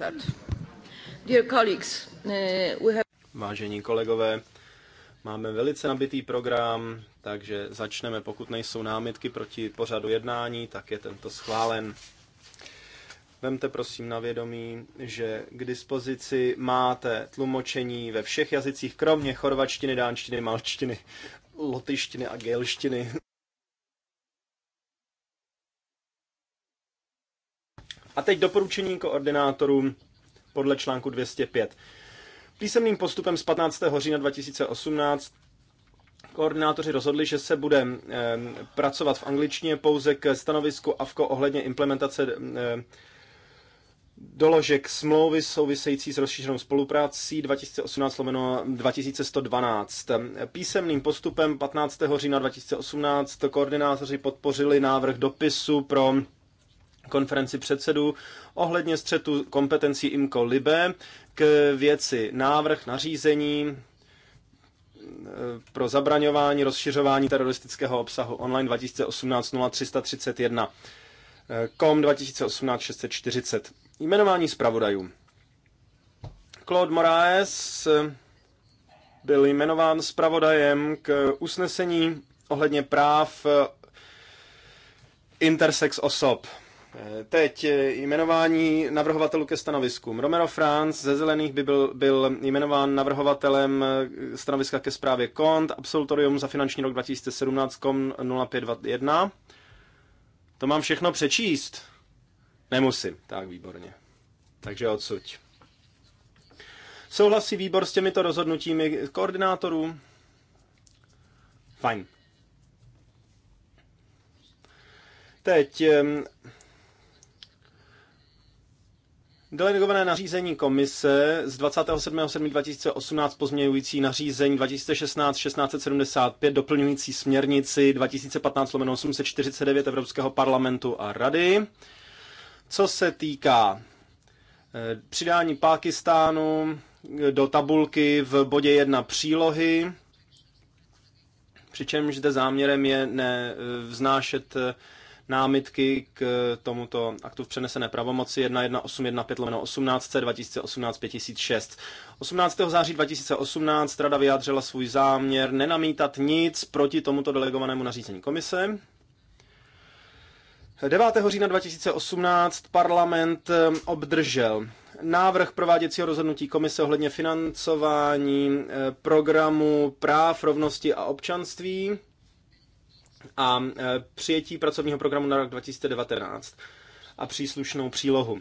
start. Dear colleagues, eh, we have... Vážení kolegové, máme velice nabitý program, takže začneme. Pokud nejsou námitky proti pořadu jednání, tak je tento schválen. Vemte prosím na vědomí, že k dispozici máte tlumočení ve všech jazycích, kromě chorvačtiny, dánštiny, malčtiny, lotyštiny a gelštiny. teď doporučení koordinátorům podle článku 205. Písemným postupem z 15. října 2018 koordinátoři rozhodli, že se bude pracovat v angličtině pouze k stanovisku AFKO ohledně implementace doložek smlouvy související s rozšířenou spoluprácí 2018 2112. Písemným postupem 15. října 2018 koordinátoři podpořili návrh dopisu pro konferenci předsedů ohledně střetu kompetencí IMCO Libe k věci návrh nařízení e, pro zabraňování rozšiřování teroristického obsahu online 2018 0331 e, KOM 2018 640 jmenování zpravodajů. Claude Moraes e, byl jmenován zpravodajem k usnesení ohledně práv intersex osob. Teď jmenování navrhovatelů ke stanoviskům. Romero Franz ze Zelených by byl, byl jmenován navrhovatelem stanoviska ke zprávě KONT, absolutorium za finanční rok 2017 KOM 0521. To mám všechno přečíst? Nemusím. Tak, výborně. Takže odsuť. Souhlasí výbor s těmito rozhodnutími koordinátorů? Fajn. Teď Delegované nařízení komise z 27.7.2018 pozměňující nařízení 2016-1675 doplňující směrnici 2015-849 Evropského parlamentu a rady. Co se týká eh, přidání Pákistánu eh, do tabulky v bodě 1 přílohy, přičemž zde záměrem je nevznášet eh, vznášet námitky k eh, tomuto aktu v přenesené pravomoci 11815 18 2018 5006. 18. září 2018 Rada vyjádřila svůj záměr nenamítat nic proti tomuto delegovanému nařízení komise. 9. října 2018 parlament eh, obdržel návrh prováděcího rozhodnutí komise ohledně financování eh, programu práv, rovnosti a občanství a e, přijetí pracovního programu na rok 2019 a příslušnou přílohu.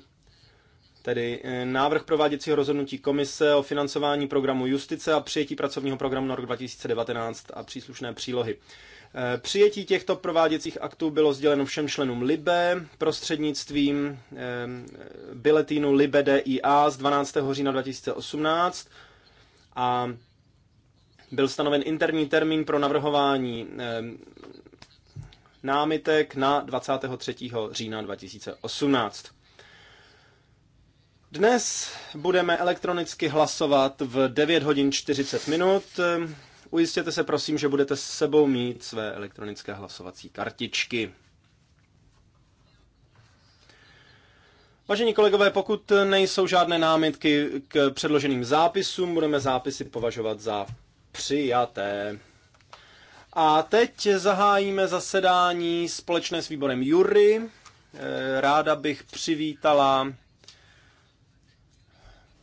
Tedy e, návrh prováděcího rozhodnutí komise o financování programu justice a přijetí pracovního programu na rok 2019 a příslušné přílohy. E, přijetí těchto prováděcích aktů bylo sděleno všem členům LIBE prostřednictvím biletínu LIBE DIA z 12. října 2018 a byl stanoven interní termín pro navrhování námitek na 23. října 2018. Dnes budeme elektronicky hlasovat v 9 hodin 40 minut. Ujistěte se prosím, že budete s sebou mít své elektronické hlasovací kartičky. Vážení kolegové, pokud nejsou žádné námitky k předloženým zápisům, budeme zápisy považovat za přijaté. A teď zahájíme zasedání společné s výborem Jury. Eh, ráda bych přivítala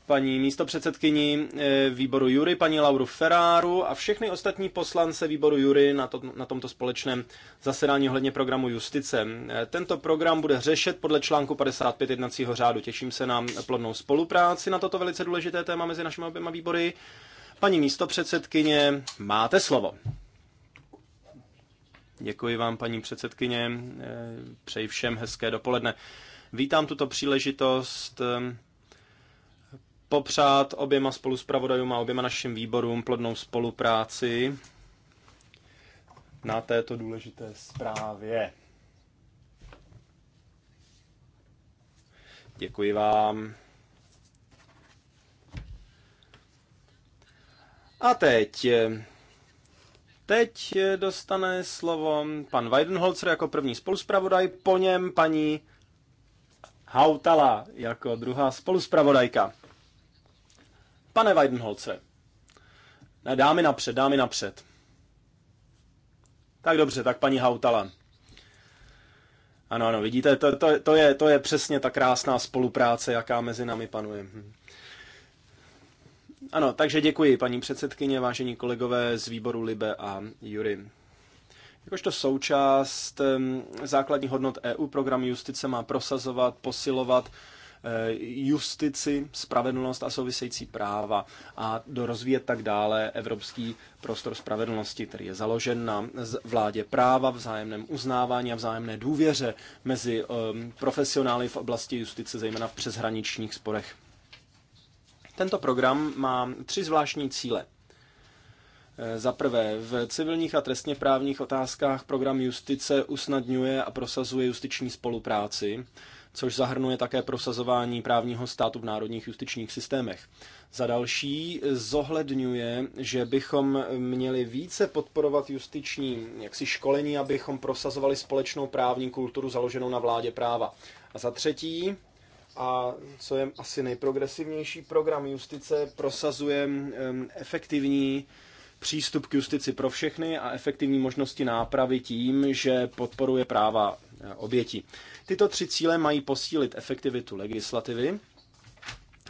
paní místopředsedkyni eh, výboru Jury, paní Lauru Ferráru a všechny ostatní poslance výboru Jury na, to, na tomto společném zasedání ohledně programu Justice. Eh, tento program bude řešet podle článku 55 jednacího řádu. Těším se na plodnou spolupráci na toto velice důležité téma mezi našimi oběma výbory. Paní místopředsedkyně, máte slovo. Děkuji vám, paní předsedkyně. Eh, přeji všem hezké dopoledne. Vítám tuto příležitost eh, popřát oběma spoluspravodajům a oběma našim výborům plodnou spolupráci na této důležité zprávě. Děkuji vám. A teď eh, Teď dostane slovo pan Weidenholzer jako první spoluspravodaj, po něm paní Hautala jako druhá spoluspravodajka. Pane Weidenholzer, ne, dámy napřed, dámy napřed. Tak dobře, tak paní Hautala. Ano, ano, vidíte, to, to, to, je, to je přesně ta krásná spolupráce, jaká mezi námi panuje. Hm. Ano, takže děkuji, paní předsedkyně, vážení kolegové z výboru Libe a Jury. Jakožto součást základní hodnot EU program justice má prosazovat, posilovat eh, justici, spravedlnost a související práva a rozvíjet tak dále evropský prostor spravedlnosti, který je založen na vládě práva, vzájemném uznávání a vzájemné důvěře mezi profesionály v oblasti justice, zejména v přeshraničních sporech. Tento program má tři zvláštní cíle. Eh, za prvé, v civilních a trestně právních otázkách program justice usnadňuje a prosazuje justiční spolupráci, což zahrnuje také prosazování právního státu v národních justičních systémech. Za další zohledňuje, že bychom měli více podporovat justiční jaksi školení, abychom prosazovali společnou právní kulturu založenou na vládě práva. A za třetí a co je asi nejprogresivnější program justice, prosazuje efektivní přístup k justici pro všechny a efektivní možnosti nápravy tím, že podporuje práva e, obětí. Tyto tři cíle mají posílit efektivitu legislativy,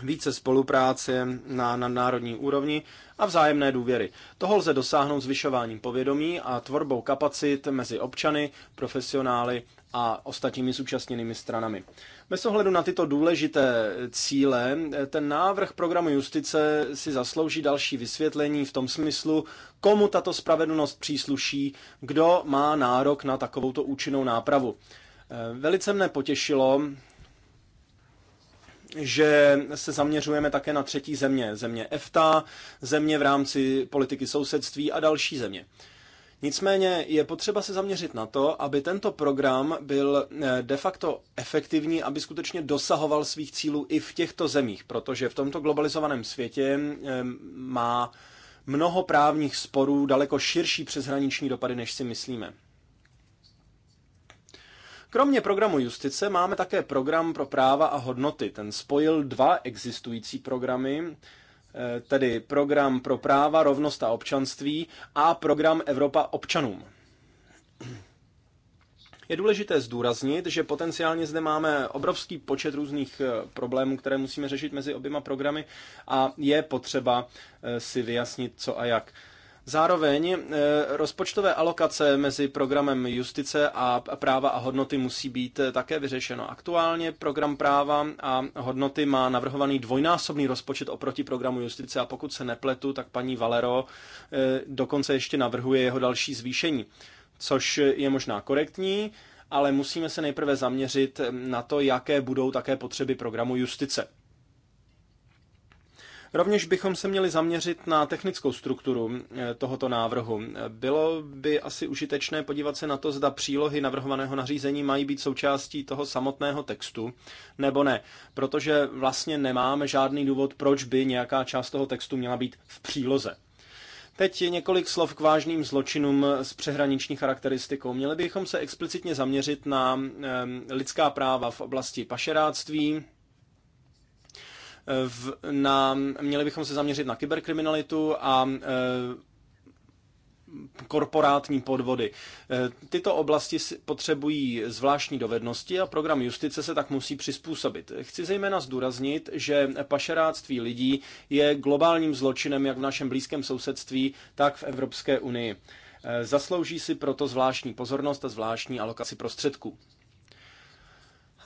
více spolupráce na nadnárodní úrovni a vzájemné důvěry. Toho lze dosáhnout zvyšováním povědomí a tvorbou kapacit mezi občany, profesionály a ostatními zúčastněnými stranami. Bez ohledu na tyto důležité cíle, ten návrh programu justice si zaslouží další vysvětlení v tom smyslu, komu tato spravedlnost přísluší, kdo má nárok na takovouto účinnou nápravu. Velice mne potěšilo, že se zaměřujeme také na třetí země, země EFTA, země v rámci politiky sousedství a další země. Nicméně je potřeba se zaměřit na to, aby tento program byl eh, de facto efektivní, aby skutečně dosahoval svých cílů i v těchto zemích, protože v tomto globalizovaném světě eh, má mnoho právních sporů daleko širší přeshraniční dopady, než si myslíme. Kromě programu justice máme také program pro práva a hodnoty. Ten spojil dva existující programy, eh, tedy program pro práva, rovnost a občanství a program Evropa občanům. Je důležité zdůraznit, že potenciálně zde máme obrovský počet různých eh, problémů, které musíme řešit mezi oběma programy a je potřeba eh, si vyjasnit, co a jak. Zároveň eh, rozpočtové alokace mezi programem justice a práva a hodnoty musí být eh, také vyřešeno. Aktuálně program práva a hodnoty má navrhovaný dvojnásobný rozpočet oproti programu justice a pokud se nepletu, tak paní Valero eh, dokonce ještě navrhuje jeho další zvýšení, což je možná korektní, ale musíme se nejprve zaměřit na to, jaké budou také potřeby programu justice. Rovněž bychom se měli zaměřit na technickou strukturu eh, tohoto návrhu. Bylo by asi užitečné podívat se na to, zda přílohy navrhovaného nařízení mají být součástí toho samotného textu, nebo ne, protože vlastně nemáme žádný důvod, proč by nějaká část toho textu měla být v příloze. Teď je několik slov k vážným zločinům s přehraniční charakteristikou. Měli bychom se explicitně zaměřit na eh, lidská práva v oblasti pašeráctví, v, na, měli bychom se zaměřit na kyberkriminalitu a e, korporátní podvody. E, tyto oblasti potřebují zvláštní dovednosti a program justice se tak musí přizpůsobit. Chci zejména zdůraznit, že pašeráctví lidí je globálním zločinem jak v našem blízkém sousedství, tak v Evropské unii. E, zaslouží si proto zvláštní pozornost a zvláštní alokaci prostředků.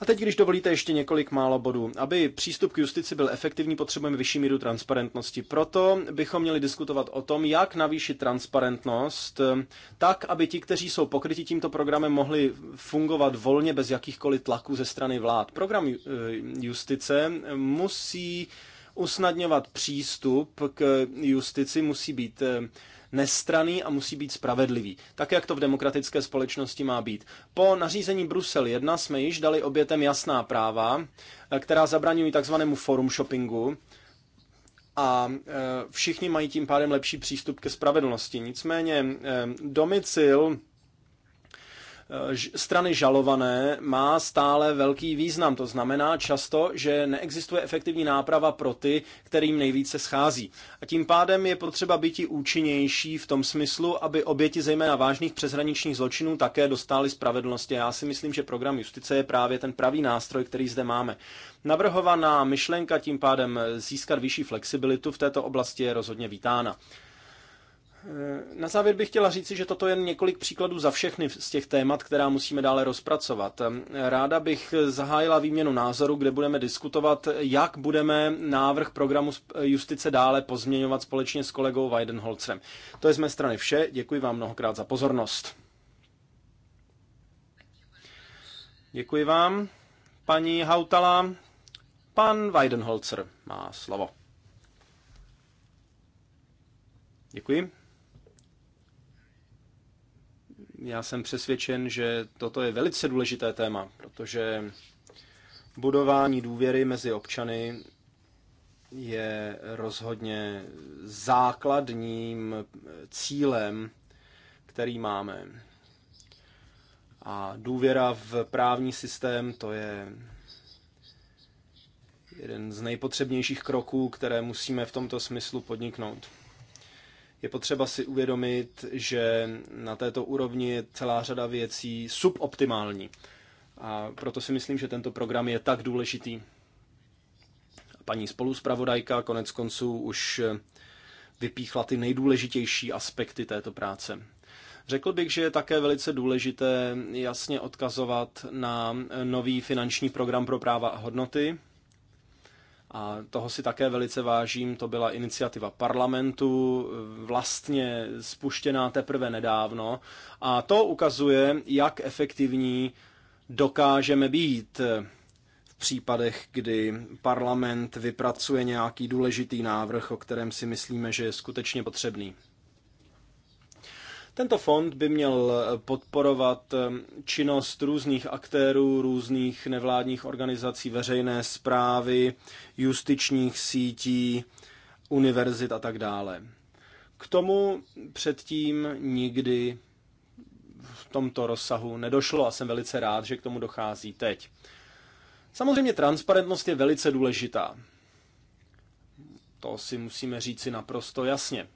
A teď, když dovolíte ještě několik málo bodů. Aby přístup k justici byl efektivní, potřebujeme vyšší míru transparentnosti. Proto bychom měli diskutovat o tom, jak navýšit transparentnost, eh, tak, aby ti, kteří jsou pokryti tímto programem, mohli fungovat volně bez jakýchkoliv tlaků ze strany vlád. Program eh, justice musí usnadňovat přístup k justici, musí být eh, nestraný a musí být spravedlivý, tak jak to v demokratické společnosti má být. Po nařízení Brusel 1 jsme již dali obětem jasná práva, eh, která zabraňují takzvanému forum shoppingu, a eh, všichni mají tím pádem lepší přístup ke spravedlnosti. Nicméně domicil Eh, strany žalované má stále velký význam. To znamená často, že neexistuje efektivní náprava pro ty, kterým nejvíce schází. A tím pádem je potřeba být i účinnější v tom smyslu, aby oběti zejména vážných přeshraničních zločinů také dostály spravedlnosti. Já si myslím, že program justice je právě ten pravý nástroj, který zde máme. Navrhovaná myšlenka tím pádem získat vyšší flexibilitu v této oblasti je rozhodně vítána. Na závěr bych chtěla říci, že toto je několik příkladů za všechny z těch témat, která musíme dále rozpracovat. Ráda bych zahájila výměnu názoru, kde budeme diskutovat, jak budeme návrh programu justice dále pozměňovat společně s kolegou Weidenholzem. To je z mé strany vše. Děkuji vám mnohokrát za pozornost. Děkuji vám. Paní Hautala, pan Weidenholzer má slovo. Děkuji. Já jsem přesvědčen, že toto je velice důležité téma, protože budování důvěry mezi občany je rozhodně základním cílem, který máme. A důvěra v právní systém to je jeden z nejpotřebnějších kroků, které musíme v tomto smyslu podniknout. Je potřeba si uvědomit, že na této úrovni je celá řada věcí suboptimální. A proto si myslím, že tento program je tak důležitý. Paní spoluspravodajka konec konců už vypíchla ty nejdůležitější aspekty této práce. Řekl bych, že je také velice důležité jasně odkazovat na nový finanční program pro práva a hodnoty, a toho si také velice vážím. To byla iniciativa parlamentu, vlastně spuštěná teprve nedávno. A to ukazuje, jak efektivní dokážeme být v případech, kdy parlament vypracuje nějaký důležitý návrh, o kterém si myslíme, že je skutečně potřebný. Tento fond by měl eh, podporovat eh, činnost různých aktérů, různých nevládních organizací, veřejné zprávy, justičních sítí, univerzit a tak dále. K tomu předtím nikdy v tomto rozsahu nedošlo a jsem velice rád, že k tomu dochází teď. Samozřejmě transparentnost je velice důležitá. To si musíme říci naprosto jasně.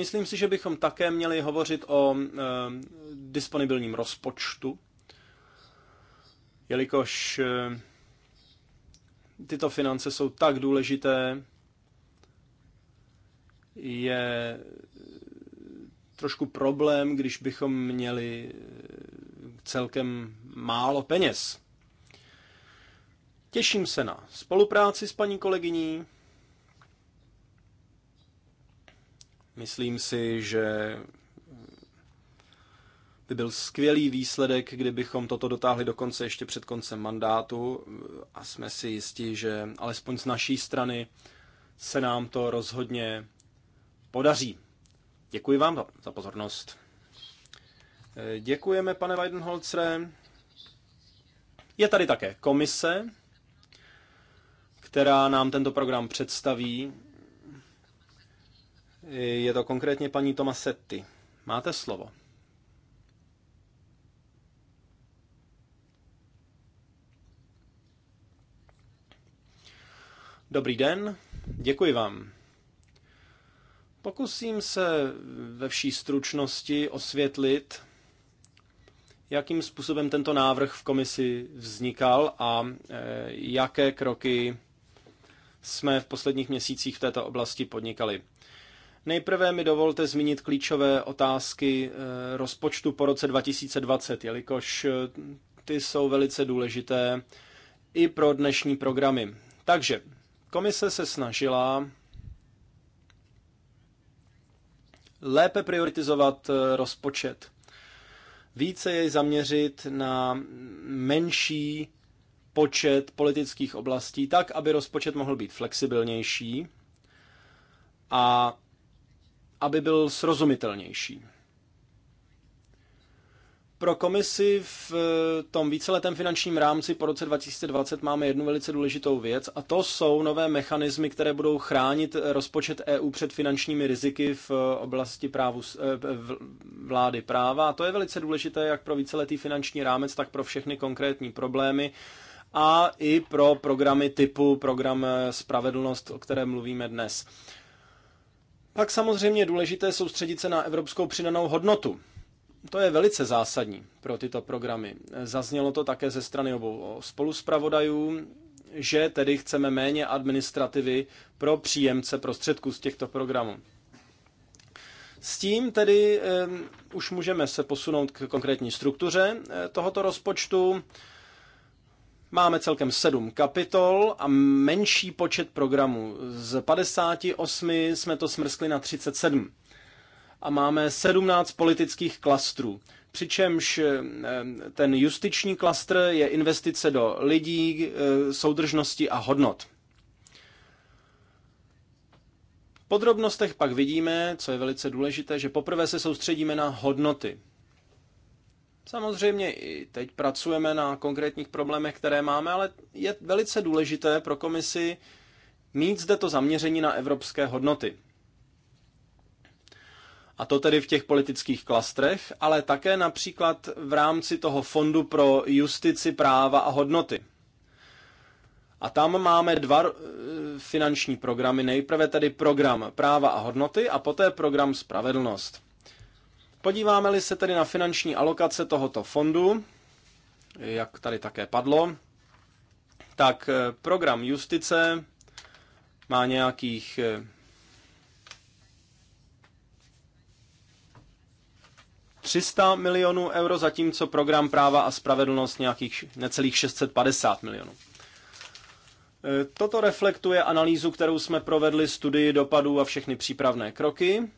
Myslím si, že bychom také měli hovořit o e, disponibilním rozpočtu, jelikož e, tyto finance jsou tak důležité, je trošku problém, když bychom měli eh, celkem málo peněz. Těším se na spolupráci s paní kolegyní Myslím si, že by byl skvělý výsledek, kdybychom toto dotáhli do konce ještě před koncem mandátu a jsme si jistí, že alespoň z naší strany se nám to rozhodně podaří. Děkuji vám za pozornost. Děkujeme, pane Weidenholzere. Je tady také komise, která nám tento program představí. Je to konkrétně paní Tomasetti. Máte slovo. Dobrý den, děkuji vám. Pokusím se ve vší stručnosti osvětlit, jakým způsobem tento návrh v komisi vznikal a e, jaké kroky jsme v posledních měsících v této oblasti podnikali. Nejprve mi dovolte zmínit klíčové otázky eh, rozpočtu po roce 2020, jelikož eh, ty jsou velice důležité i pro dnešní programy. Takže komise se snažila lépe prioritizovat eh, rozpočet, více jej zaměřit na menší počet politických oblastí, tak aby rozpočet mohl být flexibilnější a aby byl srozumitelnější. Pro komisi v eh, tom víceletém finančním rámci po roce 2020 máme jednu velice důležitou věc a to jsou nové mechanismy, které budou chránit rozpočet EU před finančními riziky v eh, oblasti právu, eh, vlády práva. A to je velice důležité jak pro víceletý finanční rámec, tak pro všechny konkrétní problémy a i pro programy typu program Spravedlnost, o kterém mluvíme dnes. Pak samozřejmě důležité soustředit se na evropskou přidanou hodnotu. To je velice zásadní pro tyto programy. Zaznělo to také ze strany obou spoluspravodajů, že tedy chceme méně administrativy pro příjemce prostředků z těchto programů. S tím tedy um, už můžeme se posunout k konkrétní struktuře eh, tohoto rozpočtu. Máme celkem sedm kapitol a menší počet programů. Z 58 jsme to smrskli na 37. A máme 17 politických klastrů. Přičemž eh, ten justiční klastr je investice do lidí, eh, soudržnosti a hodnot. V podrobnostech pak vidíme, co je velice důležité, že poprvé se soustředíme na hodnoty. Samozřejmě i teď pracujeme na konkrétních problémech, které máme, ale je velice důležité pro komisi mít zde to zaměření na evropské hodnoty. A to tedy v těch politických klastrech, ale také například v rámci toho Fondu pro justici, práva a hodnoty. A tam máme dva eh, finanční programy. Nejprve tedy program práva a hodnoty a poté program spravedlnost. Podíváme-li se tedy na finanční alokace tohoto fondu, jak tady také padlo, tak eh, program justice má nějakých ...300 eh, milionů euro, zatímco program práva a spravedlnost nějakých necelých 650 milionů. Eh, toto reflektuje analýzu, kterou jsme provedli studii dopadů a všechny přípravné kroky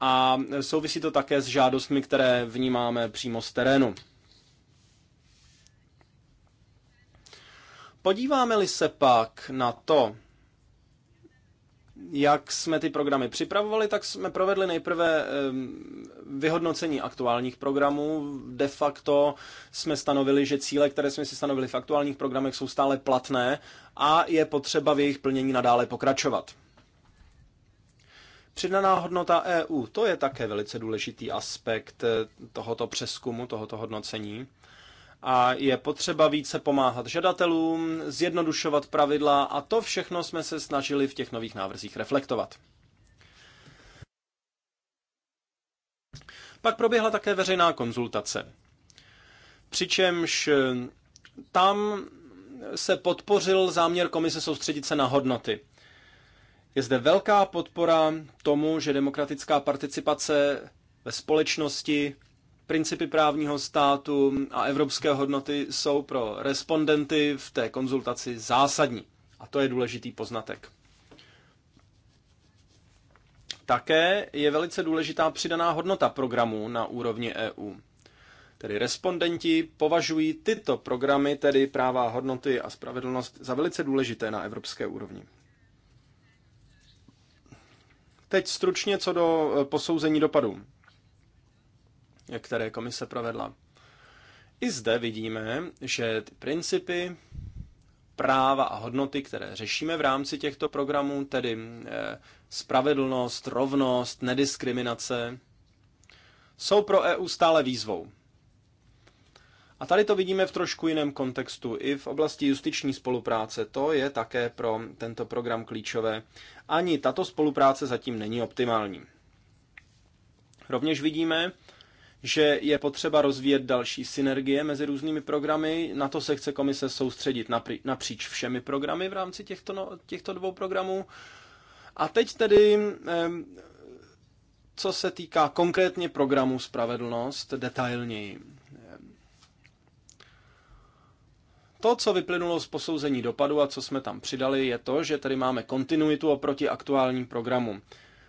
a souvisí to také s žádostmi, které vnímáme přímo z terénu. Podíváme-li se pak na to, jak jsme ty programy připravovali, tak jsme provedli nejprve vyhodnocení aktuálních programů. De facto jsme stanovili, že cíle, které jsme si stanovili v aktuálních programech, jsou stále platné a je potřeba v jejich plnění nadále pokračovat. Přidaná hodnota EU, to je také velice důležitý aspekt eh, tohoto přeskumu, tohoto hodnocení. A je potřeba více pomáhat žadatelům, zjednodušovat pravidla a to všechno jsme se snažili v těch nových návrzích reflektovat. Pak proběhla také veřejná konzultace. Přičemž eh, tam se podpořil záměr komise soustředit se na hodnoty. Je zde velká podpora tomu, že demokratická participace ve společnosti, principy právního státu a evropské hodnoty jsou pro respondenty v té konzultaci zásadní. A to je důležitý poznatek. Také je velice důležitá přidaná hodnota programů na úrovni EU. Tedy respondenti považují tyto programy, tedy práva, hodnoty a spravedlnost, za velice důležité na evropské úrovni. Teď stručně co do eh, posouzení dopadů, které komise provedla. I zde vidíme, že ty principy, práva a hodnoty, které řešíme v rámci těchto programů, tedy eh, spravedlnost, rovnost, nediskriminace, jsou pro EU stále výzvou. A tady to vidíme v trošku jiném kontextu. I v oblasti justiční spolupráce to je také pro tento program klíčové. Ani tato spolupráce zatím není optimální. Rovněž vidíme, že je potřeba rozvíjet další synergie mezi různými programy. Na to se chce komise soustředit napříč všemi programy v rámci těchto, no, těchto dvou programů. A teď tedy, co se týká konkrétně programu Spravedlnost, detailněji. To, co vyplynulo z posouzení dopadu a co jsme tam přidali, je to, že tady máme kontinuitu oproti aktuálním programům,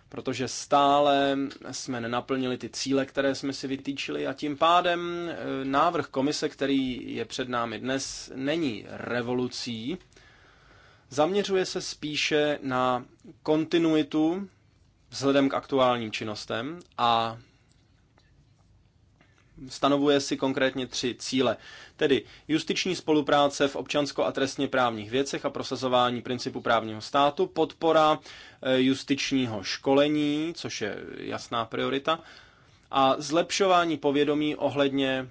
protože stále jsme nenaplnili ty cíle, které jsme si vytýčili a tím pádem eh, návrh komise, který je před námi dnes, není revolucí, zaměřuje se spíše na kontinuitu vzhledem k aktuálním činnostem a stanovuje si konkrétně tři cíle, tedy justiční spolupráce v občansko- a trestně právních věcech a prosazování principu právního státu, podpora eh, justičního školení, což je jasná priorita, a zlepšování povědomí ohledně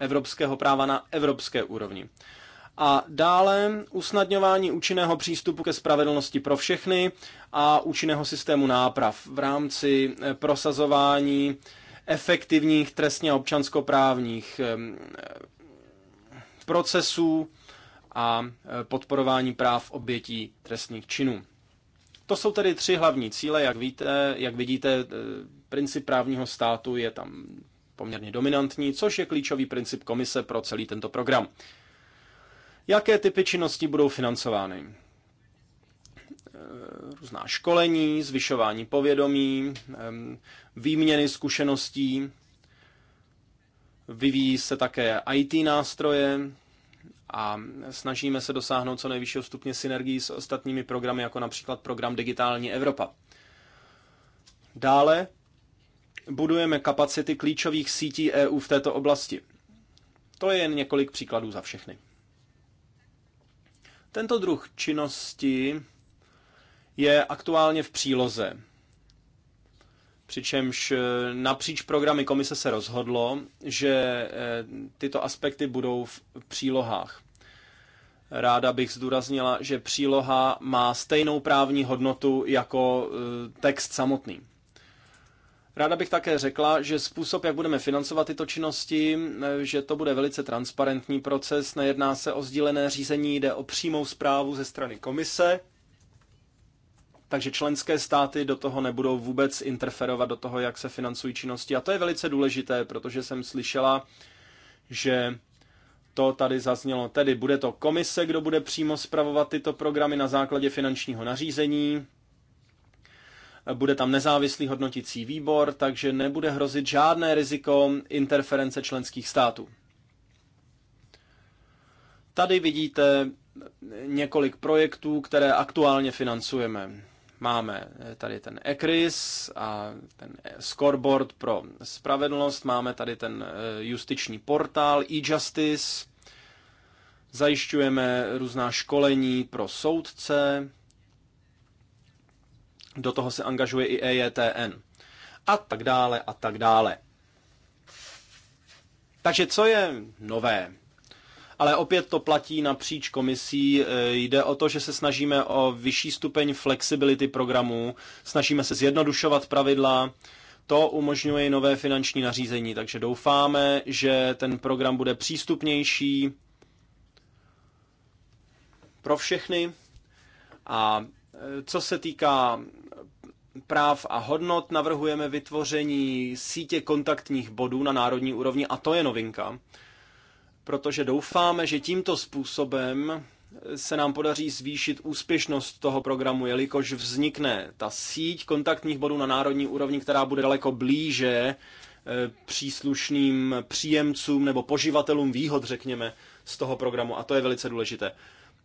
evropského práva na evropské úrovni. A dále usnadňování účinného přístupu ke spravedlnosti pro všechny a účinného systému náprav v rámci eh, prosazování efektivních trestně občanskoprávních procesů a eh, podporování práv obětí trestných činů. To jsou tedy tři hlavní cíle, jak, víte, jak vidíte, eh, princip právního státu je tam poměrně dominantní, což je klíčový princip komise pro celý tento program. Jaké typy činností budou financovány? Eh, různá školení, zvyšování povědomí, výměny zkušeností. Vyvíjí se také IT nástroje a snažíme se dosáhnout co nejvyššího stupně synergii s ostatními programy, jako například program Digitální Evropa. Dále budujeme kapacity klíčových sítí EU v této oblasti. To je jen několik příkladů za všechny. Tento druh činnosti je aktuálně v příloze. Přičemž eh, napříč programy komise se rozhodlo, že eh, tyto aspekty budou v přílohách. Ráda bych zdůraznila, že příloha má stejnou právní hodnotu jako eh, text samotný. Ráda bych také řekla, že způsob, jak budeme financovat tyto činnosti, že to bude velice transparentní proces, nejedná se o sdílené řízení, jde o přímou zprávu ze strany komise takže členské státy do toho nebudou vůbec interferovat, do toho, jak se financují činnosti. A to je velice důležité, protože jsem slyšela, že to tady zaznělo. Tedy bude to komise, kdo bude přímo spravovat tyto programy na základě finančního nařízení, bude tam nezávislý hodnotící výbor, takže nebude hrozit žádné riziko interference členských států. Tady vidíte několik projektů, které aktuálně financujeme. Máme eh, tady ten ECRIS a ten eh, scoreboard pro spravedlnost, máme tady ten eh, justiční portál e-justice, zajišťujeme různá školení pro soudce, do toho se angažuje i EJTN a tak dále a tak dále. Takže co je nové? ale opět to platí napříč komisí. E, jde o to, že se snažíme o vyšší stupeň flexibility programů, snažíme se zjednodušovat pravidla, to umožňuje nové finanční nařízení, takže doufáme, že ten program bude přístupnější pro všechny. A e, co se týká práv a hodnot, navrhujeme vytvoření sítě kontaktních bodů na národní úrovni a to je novinka protože doufáme, že tímto způsobem se nám podaří zvýšit úspěšnost toho programu, jelikož vznikne ta síť kontaktních bodů na národní úrovni, která bude daleko blíže eh, příslušným příjemcům nebo poživatelům výhod, řekněme, z toho programu. A to je velice důležité.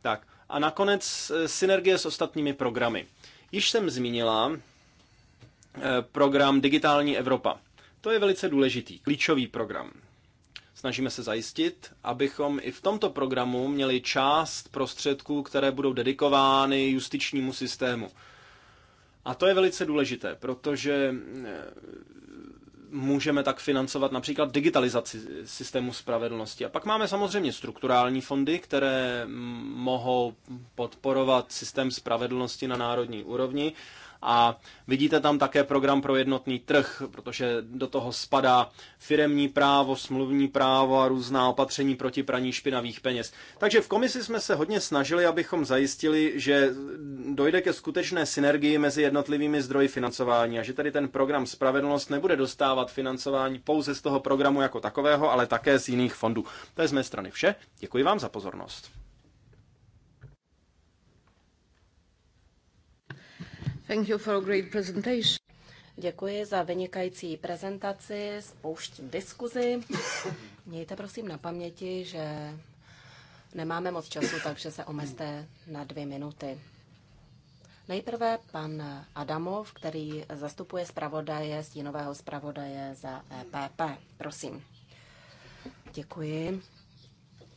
Tak a nakonec eh, synergie s ostatními programy. Již jsem zmínila eh, program Digitální Evropa. To je velice důležitý, klíčový program. Snažíme se zajistit, abychom i v tomto programu měli část prostředků, které budou dedikovány justičnímu systému. A to je velice důležité, protože eh, můžeme tak financovat například digitalizaci systému spravedlnosti. A pak máme samozřejmě strukturální fondy, které mohou podporovat systém spravedlnosti na národní úrovni a vidíte tam také program pro jednotný trh, protože do toho spadá firemní právo, smluvní právo a různá opatření proti praní špinavých peněz. Takže v komisi jsme se hodně snažili, abychom zajistili, že dojde ke skutečné synergii mezi jednotlivými zdroji financování a že tady ten program Spravedlnost nebude dostávat financování pouze z toho programu jako takového, ale také z jiných fondů. To je z mé strany vše. Děkuji vám za pozornost. Thank you for a great presentation. Děkuji za vynikající prezentaci, spouštím diskuzi. Mějte prosím na paměti, že nemáme moc času, takže se omezte na dvě minuty. Nejprve pan Adamov, který zastupuje zpravodaje, stínového zpravodaje za EPP. Prosím. Děkuji.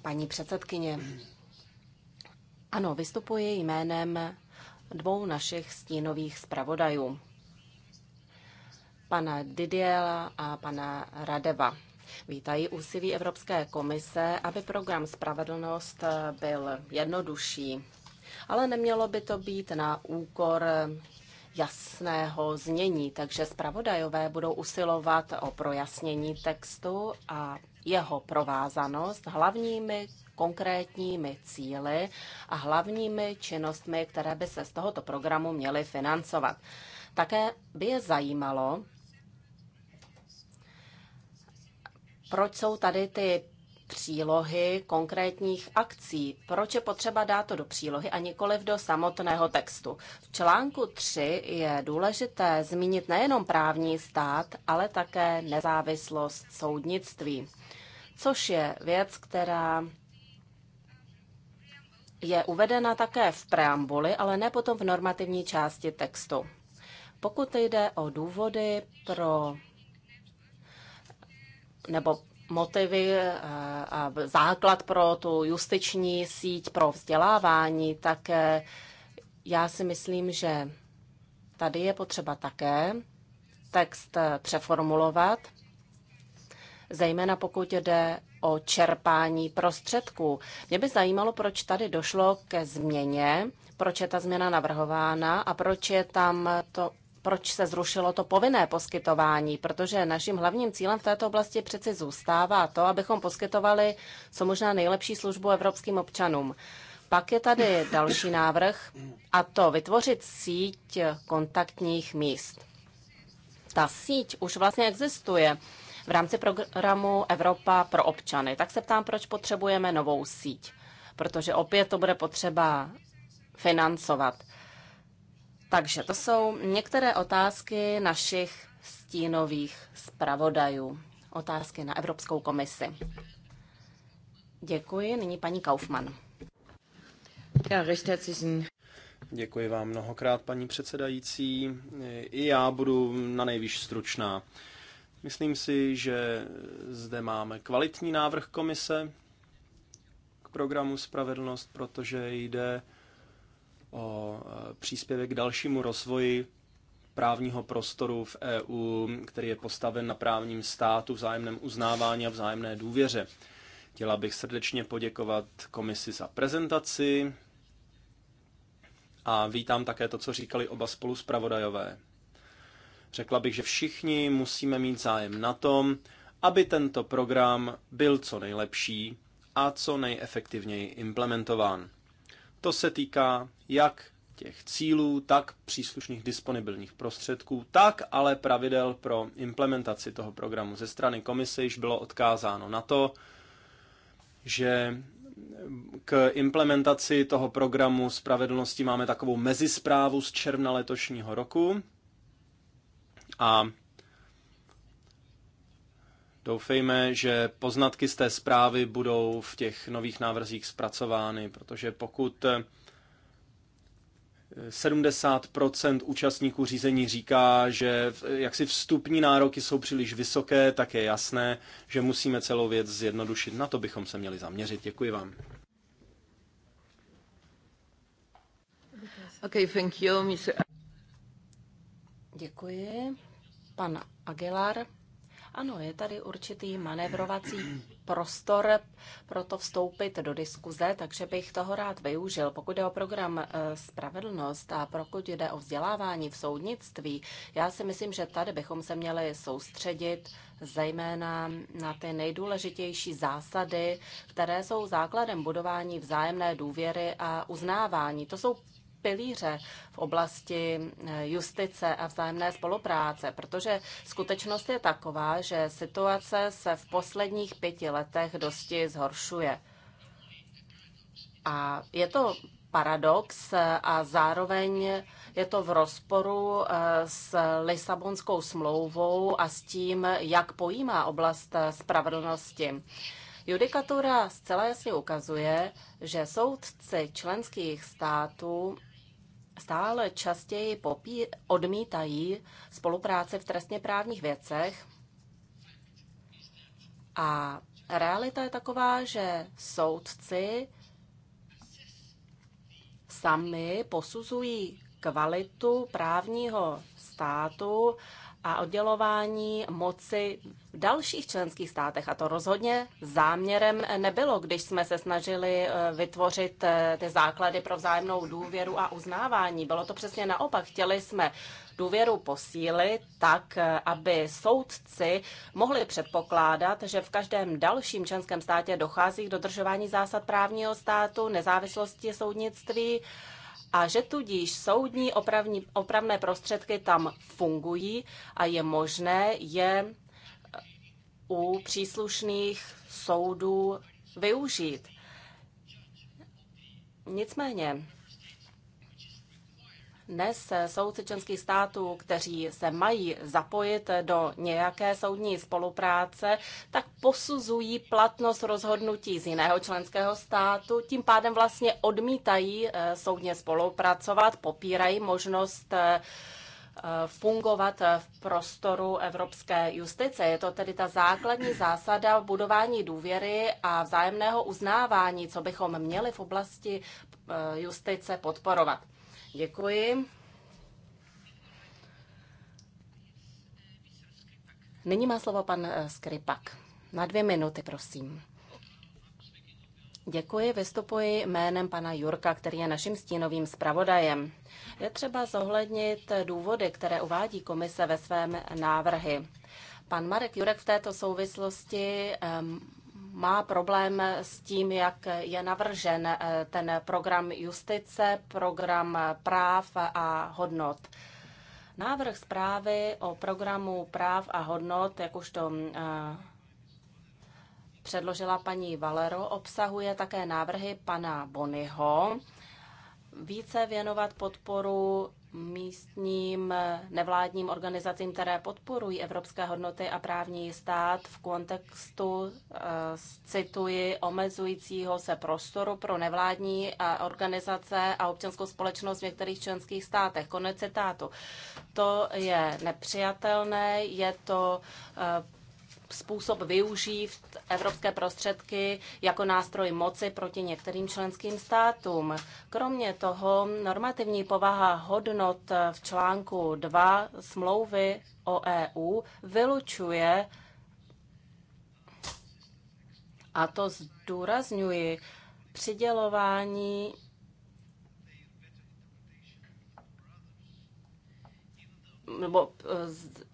Paní předsedkyně, ano, vystupuji jménem dvou našich stínových zpravodajů, pana Didiela a pana Radeva. Vítají úsilí Evropské komise, aby program Spravedlnost byl jednodušší, ale nemělo by to být na úkor jasného znění, takže zpravodajové budou usilovat o projasnění textu a jeho provázanost hlavními konkrétními cíly a hlavními činnostmi, které by se z tohoto programu měly financovat. Také by je zajímalo, proč jsou tady ty přílohy konkrétních akcí. Proč je potřeba dát to do přílohy a nikoliv do samotného textu? V článku 3 je důležité zmínit nejenom právní stát, ale také nezávislost soudnictví, což je věc, která je uvedena také v preambuli, ale ne potom v normativní části textu. Pokud jde o důvody pro nebo motivy eh, a základ pro tu justiční síť pro vzdělávání, tak eh, já si myslím, že tady je potřeba také text eh, přeformulovat, zejména pokud jde o čerpání prostředků. Mě by zajímalo, proč tady došlo ke změně, proč je ta změna navrhována a proč je tam to proč se zrušilo to povinné poskytování, protože naším hlavním cílem v této oblasti přeci zůstává to, abychom poskytovali co možná nejlepší službu evropským občanům. Pak je tady další návrh, a to vytvořit síť kontaktních míst. Ta síť už vlastně existuje v rámci programu Evropa pro občany. Tak se ptám, proč potřebujeme novou síť, protože opět to bude potřeba financovat. Takže to jsou některé otázky našich stínových zpravodajů. Otázky na Evropskou komisi. Děkuji. Nyní paní Kaufmann. Já Děkuji vám mnohokrát, paní předsedající. I já budu na nejvýš stručná. Myslím si, že zde máme kvalitní návrh komise k programu Spravedlnost, protože jde o eh, příspěvek k dalšímu rozvoji právního prostoru v EU, který je postaven na právním státu, vzájemném uznávání a vzájemné důvěře. Chtěla bych srdečně poděkovat komisi za prezentaci a vítám také to, co říkali oba spoluspravodajové. Řekla bych, že všichni musíme mít zájem na tom, aby tento program byl co nejlepší a co nejefektivněji implementován. To se týká jak těch cílů, tak příslušných disponibilních prostředků, tak ale pravidel pro implementaci toho programu. Ze strany komise již bylo odkázáno na to, že k implementaci toho programu spravedlnosti máme takovou mezisprávu z června letošního roku, a doufejme, že poznatky z té zprávy budou v těch nových návrzích zpracovány, protože pokud 70 eh, účastníků řízení říká, že jaksi vstupní nároky jsou příliš vysoké, tak je jasné, že musíme celou věc zjednodušit. Na to bychom se měli zaměřit. Děkuji vám. Okay, thank you, Mr. Děkuji. Pan Aguilar. Ano, je tady určitý manevrovací prostor pro to vstoupit do diskuze, takže bych toho rád využil. Pokud jde o program eh, Spravedlnost a pokud jde o vzdělávání v soudnictví, já si myslím, že tady bychom se měli soustředit zejména na ty nejdůležitější zásady, které jsou základem budování vzájemné důvěry a uznávání. To jsou pilíře v oblasti eh, justice a vzájemné spolupráce, protože skutečnost je taková, že situace se v posledních pěti letech dosti zhoršuje. A je to paradox eh, a zároveň je to v rozporu eh, s Lisabonskou smlouvou a s tím, jak pojímá oblast spravedlnosti. Judikatura zcela jasně ukazuje, že soudci členských států stále častěji popí- odmítají spolupráci v trestně právních věcech. A realita je taková, že soudci sami posuzují kvalitu právního státu a oddělování moci v dalších členských státech. A to rozhodně záměrem nebylo, když jsme se snažili eh, vytvořit eh, ty základy pro vzájemnou důvěru a uznávání. Bylo to přesně naopak. Chtěli jsme důvěru posílit tak, eh, aby soudci mohli předpokládat, že v každém dalším členském státě dochází k dodržování zásad právního státu, nezávislosti soudnictví a že tudíž soudní opravní, opravné prostředky tam fungují a je možné je u příslušných soudů využít. Nicméně dnes soudci členských států, kteří se mají zapojit do nějaké soudní spolupráce, tak posuzují platnost rozhodnutí z jiného členského státu, tím pádem vlastně odmítají eh, soudně spolupracovat, popírají možnost eh, fungovat v prostoru evropské justice. Je to tedy ta základní zásada budování důvěry a vzájemného uznávání, co bychom měli v oblasti eh, justice podporovat. Děkuji. Nyní má slovo pan eh, Skripak. Na dvě minuty, prosím. Děkuji, vystupuji jménem pana Jurka, který je naším stínovým zpravodajem. Je třeba zohlednit důvody, které uvádí komise ve svém návrhy. Pan Marek Jurek v této souvislosti má problém s tím, jak je navržen eh, ten program justice, program práv a hodnot. Návrh zprávy o programu práv a hodnot, jak už to eh, předložila paní Valero, obsahuje také návrhy pana Bonyho více věnovat podporu místním eh, nevládním organizacím, které podporují evropské hodnoty a právní stát v kontextu, eh, cituji, omezujícího se prostoru pro nevládní eh, organizace a občanskou společnost v některých členských státech. Konec citátu. To je nepřijatelné, je to způsob využít evropské prostředky jako nástroj moci proti některým členským státům. Kromě toho normativní povaha hodnot v článku 2 smlouvy o EU vylučuje, a to zdůrazňuji, přidělování nebo eh,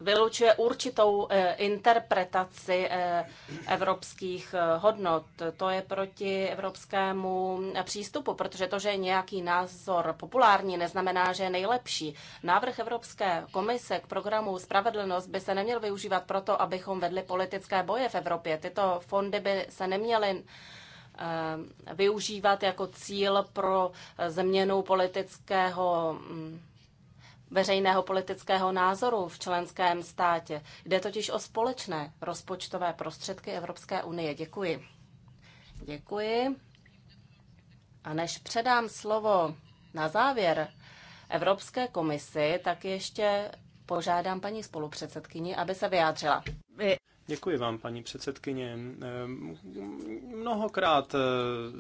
vylučuje určitou eh, interpretaci eh, evropských hodnot. To je proti evropskému přístupu, protože to, že je nějaký názor populární, neznamená, že je nejlepší. Návrh Evropské komise k programu Spravedlnost by se neměl využívat proto, abychom vedli politické boje v Evropě. Tyto fondy by se neměly využívat jako cíl pro změnu politického mm, veřejného politického názoru v členském státě. Jde totiž o společné rozpočtové prostředky Evropské unie. Děkuji. Děkuji. A než předám slovo na závěr Evropské komisi, tak ještě požádám paní spolupředsedkyni, aby se vyjádřila. Děkuji vám, paní předsedkyně. Ehm, mnohokrát eh,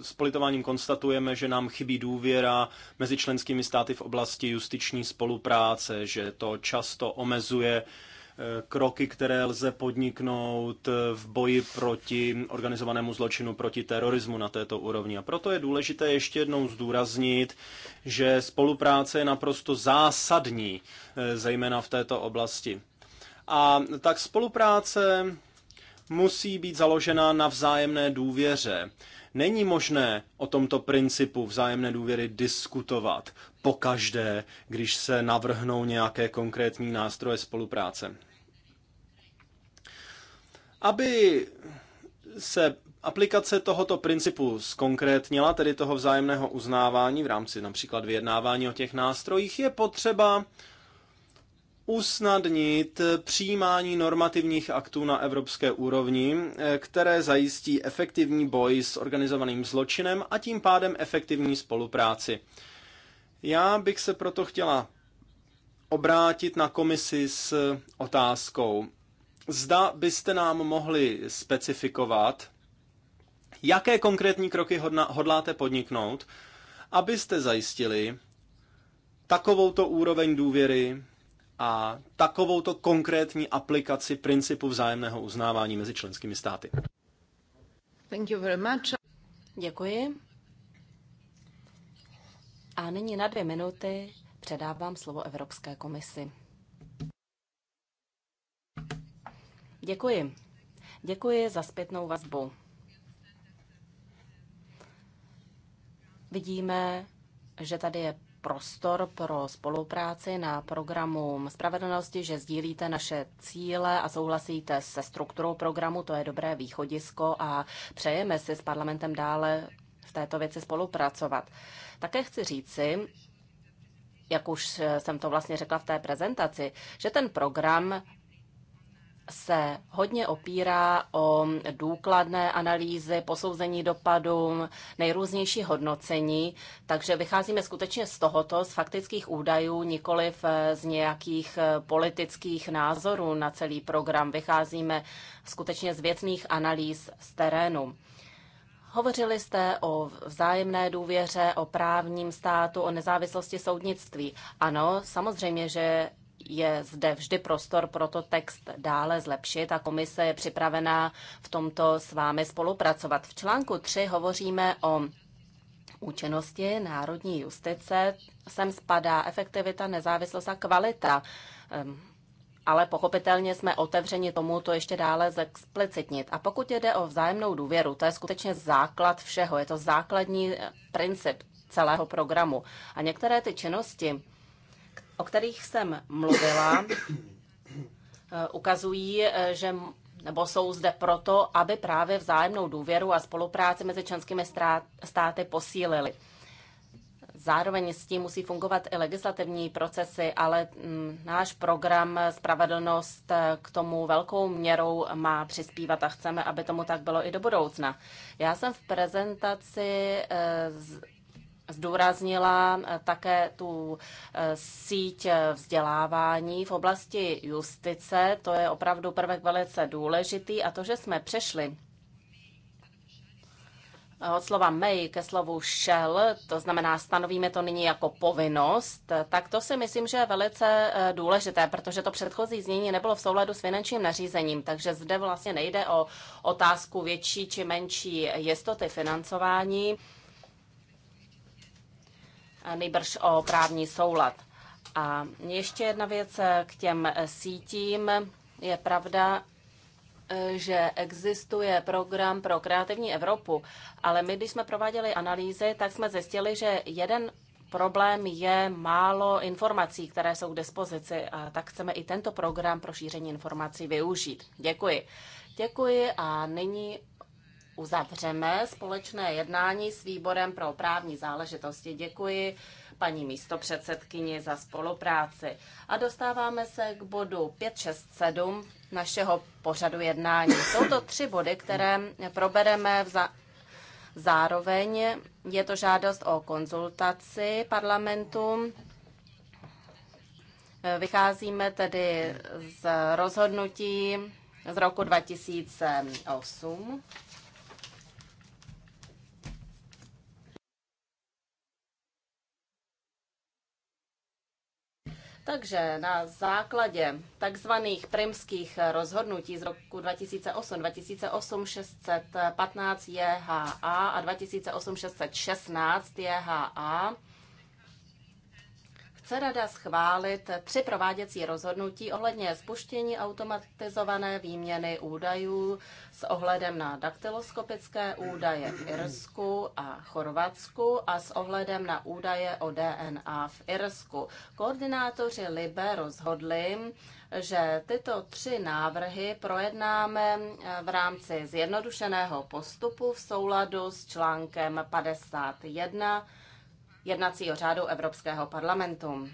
s politováním konstatujeme, že nám chybí důvěra mezi členskými státy v oblasti justiční spolupráce, že to často omezuje eh, kroky, které lze podniknout eh, v boji proti organizovanému zločinu, proti terorismu na této úrovni. A proto je důležité ještě jednou zdůraznit, že spolupráce je naprosto zásadní, zejména v této oblasti. A tak spolupráce musí být založena na vzájemné důvěře. Není možné o tomto principu vzájemné důvěry diskutovat pokaždé, když se navrhnou nějaké konkrétní nástroje spolupráce. Aby se aplikace tohoto principu zkonkrétnila, tedy toho vzájemného uznávání v rámci například vyjednávání o těch nástrojích, je potřeba usnadnit přijímání normativních aktů na evropské úrovni, eh, které zajistí efektivní boj s organizovaným zločinem a tím pádem efektivní spolupráci. Já bych se proto chtěla obrátit na komisi s otázkou. Zda byste nám mohli specifikovat, jaké konkrétní kroky hodláte podniknout, abyste zajistili takovouto úroveň důvěry a takovouto konkrétní aplikaci principu vzájemného uznávání mezi členskými státy. Thank you very much. Děkuji. A nyní na dvě minuty předávám slovo Evropské komisi. Děkuji. Děkuji za zpětnou vazbu. Vidíme, že tady je prostor pro spolupráci na programu spravedlnosti, že sdílíte naše cíle a souhlasíte se strukturou programu, to je dobré východisko a přejeme si s parlamentem dále v této věci spolupracovat. Také chci říci, jak už jsem to vlastně řekla v té prezentaci, že ten program se hodně opírá o důkladné analýzy, posouzení dopadů, nejrůznější hodnocení, takže vycházíme skutečně z tohoto, z faktických údajů, nikoliv eh, z nějakých eh, politických názorů na celý program. Vycházíme skutečně z věcných analýz z terénu. Hovořili jste o vzájemné důvěře, o právním státu, o nezávislosti soudnictví. Ano, samozřejmě, že je zde vždy prostor pro to text dále zlepšit a komise je připravená v tomto s vámi spolupracovat. V článku 3 hovoříme o účinnosti národní justice. Sem spadá efektivita, nezávislost a kvalita. Ehm, ale pochopitelně jsme otevřeni tomu to ještě dále zexplicitnit. A pokud jde o vzájemnou důvěru, to je skutečně základ všeho, je to základní eh, princip celého programu. A některé ty činnosti, o kterých jsem mluvila, eh, ukazují, eh, že nebo jsou zde proto, aby právě vzájemnou důvěru a spolupráci mezi členskými státy posílili. Zároveň s tím musí fungovat i legislativní procesy, ale mm, náš program Spravedlnost eh, k tomu velkou měrou má přispívat a chceme, aby tomu tak bylo i do budoucna. Já jsem v prezentaci zdůraznila eh, také tu eh, síť eh, vzdělávání v oblasti justice. To je opravdu prvek velice důležitý a to, že jsme přešli od slova may ke slovu shall, to znamená stanovíme to nyní jako povinnost, tak to si myslím, že je velice důležité, protože to předchozí znění nebylo v souladu s finančním nařízením, takže zde vlastně nejde o otázku větší či menší jistoty financování nejbrž o právní soulad. A ještě jedna věc k těm sítím. Je pravda, že existuje program pro kreativní Evropu, ale my, když jsme prováděli analýzy, tak jsme zjistili, že jeden problém je málo informací, které jsou k dispozici, a tak chceme i tento program pro šíření informací využít. Děkuji. Děkuji a nyní uzavřeme společné jednání s výborem pro právní záležitosti. Děkuji paní místopředsedkyni za spolupráci. A dostáváme se k bodu 567 našeho pořadu jednání. Jsou to tři body, které probereme v za... zároveň. Je to žádost o konzultaci parlamentu. Vycházíme tedy z rozhodnutí z roku 2008 Takže na základě takzvaných primských rozhodnutí z roku 2008, 2008 615 JHA a 2008 616 JHA chce Rada schválit tři prováděcí rozhodnutí ohledně spuštění automatizované výměny údajů s ohledem na daktyloskopické údaje v Irsku a Chorvatsku a s ohledem na údaje o DNA v Irsku. Koordinátoři Libe rozhodli, že tyto tři návrhy projednáme eh, v rámci zjednodušeného postupu v souladu s článkem 51 jednacího řádu Evropského parlamentu.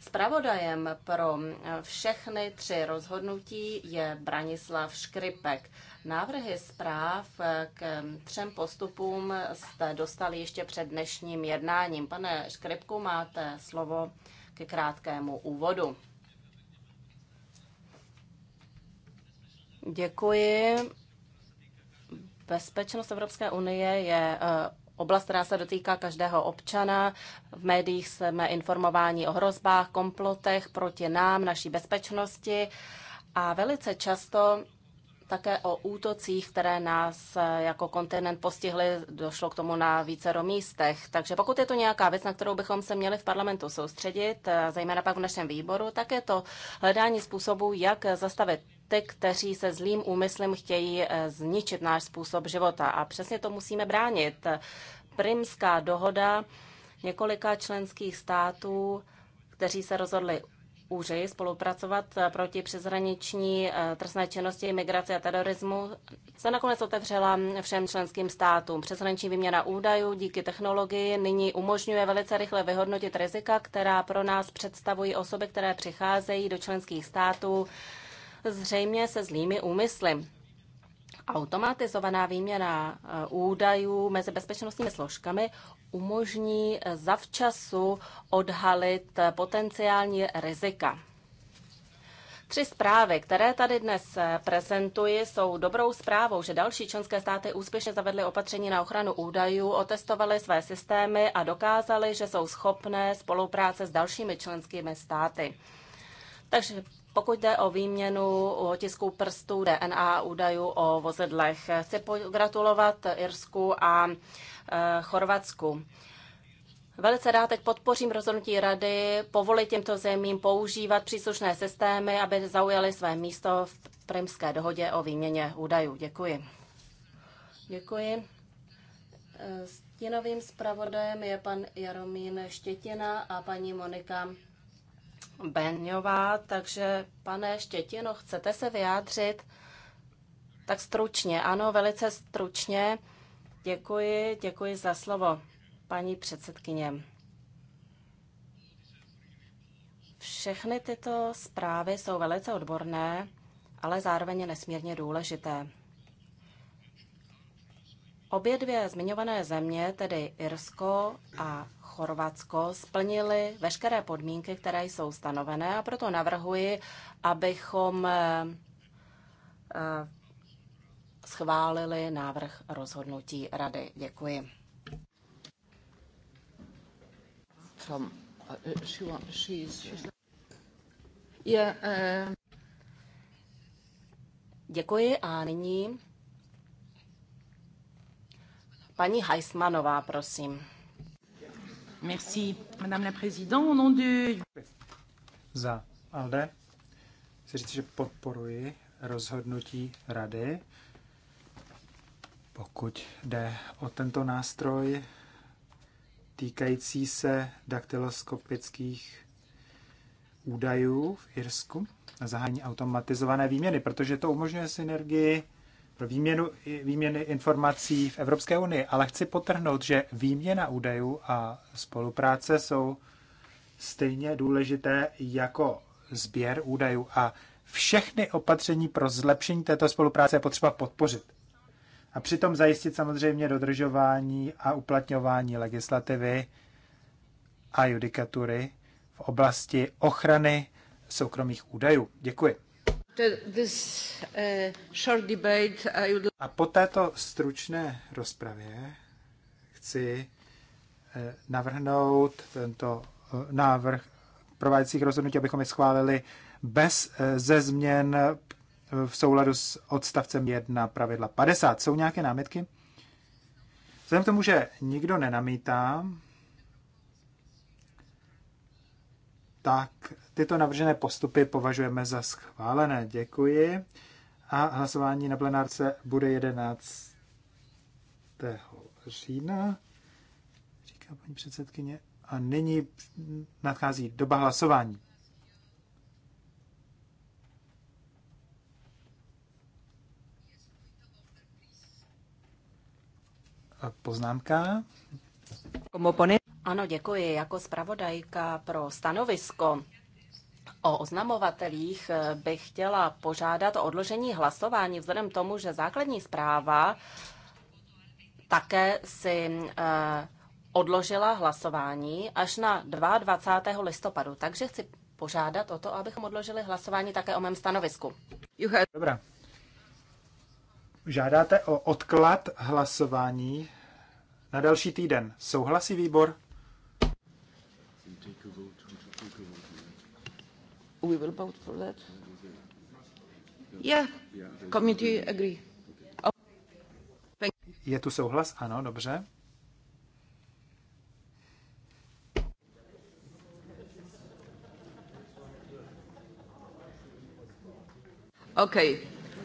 Spravodajem pro eh, všechny tři rozhodnutí je Branislav Škripek. Návrhy zpráv eh, k třem postupům jste dostali ještě před dnešním jednáním. Pane Škripku, máte slovo ke krátkému úvodu. Děkuji. Bezpečnost Evropské unie je eh, oblast, která se dotýká každého občana. V médiích jsme informováni o hrozbách, komplotech proti nám, naší bezpečnosti a velice často také o útocích, které nás jako kontinent postihly, došlo k tomu na více místech. Takže pokud je to nějaká věc, na kterou bychom se měli v parlamentu soustředit, zejména pak v našem výboru, tak je to hledání způsobů, jak zastavit ty, kteří se zlým úmyslem chtějí eh, zničit náš způsob života. A přesně to musíme bránit. Primská dohoda několika členských států, kteří se rozhodli úřeji spolupracovat eh, proti přeshraniční eh, trestné činnosti, migraci a terorismu, se nakonec otevřela všem členským státům. Přeshraniční výměna údajů díky technologii nyní umožňuje velice rychle vyhodnotit rizika, která pro nás představují osoby, které přicházejí do členských států zřejmě se zlými úmysly. Automatizovaná výměna eh, údajů mezi bezpečnostními složkami umožní eh, zavčasu odhalit eh, potenciální rizika. Tři zprávy, které tady dnes prezentuji, jsou dobrou zprávou, že další členské státy úspěšně zavedly opatření na ochranu údajů, otestovaly své systémy a dokázaly, že jsou schopné spolupráce s dalšími členskými státy. Takže pokud jde o výměnu otisků prstů DNA údajů o vozidlech, chci pogratulovat Irsku a e, Chorvatsku. Velice rád teď podpořím rozhodnutí rady povolit těmto zemím používat příslušné systémy, aby zaujali své místo v Primské dohodě o výměně údajů. Děkuji. Děkuji. E, stínovým zpravodajem je pan Jaromín Štětina a paní Monika Benjová, takže pane Štětino, chcete se vyjádřit? Tak stručně, ano, velice stručně. Děkuji, děkuji za slovo, paní předsedkyně. Všechny tyto zprávy jsou velice odborné, ale zároveň nesmírně důležité. Obě dvě zmiňované země, tedy Irsko a Chorvatsko splnili veškeré podmínky, které jsou stanovené a proto navrhuji, abychom eh, eh, schválili návrh rozhodnutí rady. Děkuji. From, uh, she, she's... Yeah, eh, uh... Děkuji a nyní paní Heismanová, prosím. Merci, Madame la Présidente. Nom du... Za Alde chci říct, že podporuji rozhodnutí Rady, pokud jde o tento nástroj týkající se daktyloskopických údajů v Irsku na zahájení automatizované výměny, protože to umožňuje synergii výměnu, výměny informací v Evropské unii, ale chci potrhnout, že výměna údajů a spolupráce jsou stejně důležité jako sběr údajů a všechny opatření pro zlepšení této spolupráce je potřeba podpořit. A přitom zajistit samozřejmě dodržování a uplatňování legislativy a judikatury v oblasti ochrany soukromých údajů. Děkuji. Uh, A po této stručné rozpravě chci eh, navrhnout tento eh, návrh provádějících rozhodnutí, abychom je schválili bez eh, ze změn v souladu s odstavcem 1 pravidla 50. Jsou nějaké námitky? Vzhledem k tomu, že nikdo nenamítá, tak tyto navržené postupy považujeme za schválené. Děkuji. A hlasování na plenárce bude 11. října, říká paní předsedkyně. A nyní nadchází doba hlasování. Poznámka. Ano, děkuji. Jako zpravodajka pro stanovisko O oznamovatelích bych chtěla požádat o odložení hlasování vzhledem tomu, že základní zpráva také si eh, odložila hlasování až na 22. listopadu. Takže chci požádat o to, abychom odložili hlasování také o mém stanovisku. Dobrá. Žádáte o odklad hlasování na další týden. Souhlasí výbor? We will vote for that. Yeah, committee agree. Je tu souhlas? Ano, dobře. Okay,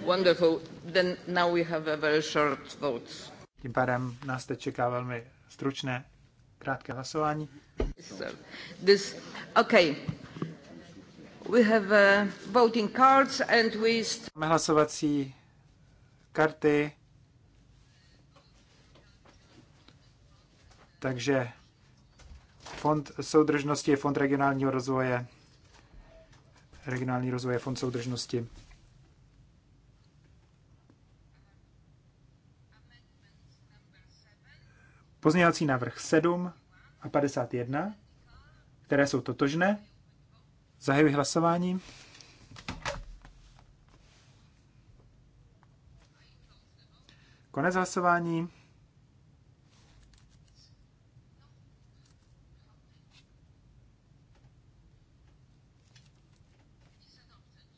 wonderful. Then now we have a very short vote. Tím pádem nás teď čeká velmi stručné, krátké hlasování. So, this, okay. Uh, Máme hlasovací karty. Takže Fond soudržnosti je Fond regionálního rozvoje. Regionální rozvoj je Fond soudržnosti. Pozměňovací návrh 7 a 51, které jsou totožné. Zahajuji hlasování. Konec hlasování.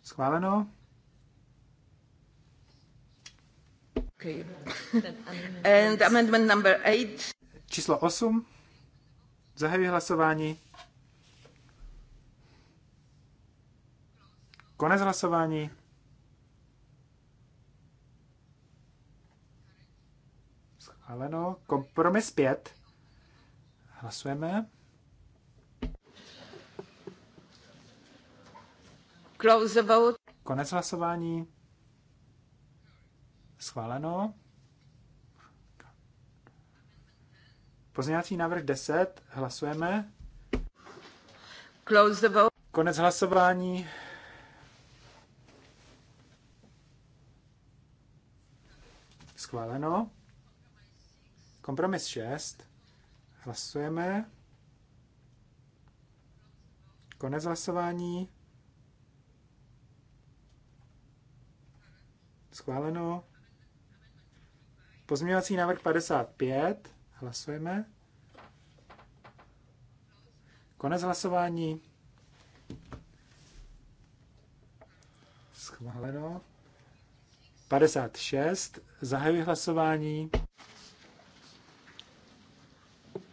Schváleno. Okay. And amendment number eight. Číslo 8. Zahajuji hlasování. Konec hlasování. Schváleno. Kompromis 5. Hlasujeme. Close the vote. Konec hlasování. Schváleno. Pozměňovací návrh 10. Hlasujeme. Close the vote. Konec hlasování. Schváleno. Kompromis 6. Hlasujeme. Konec hlasování. Schváleno. Pozměňovací návrh 55. Hlasujeme. Konec hlasování. Schváleno. 56. Zahajuji hlasování.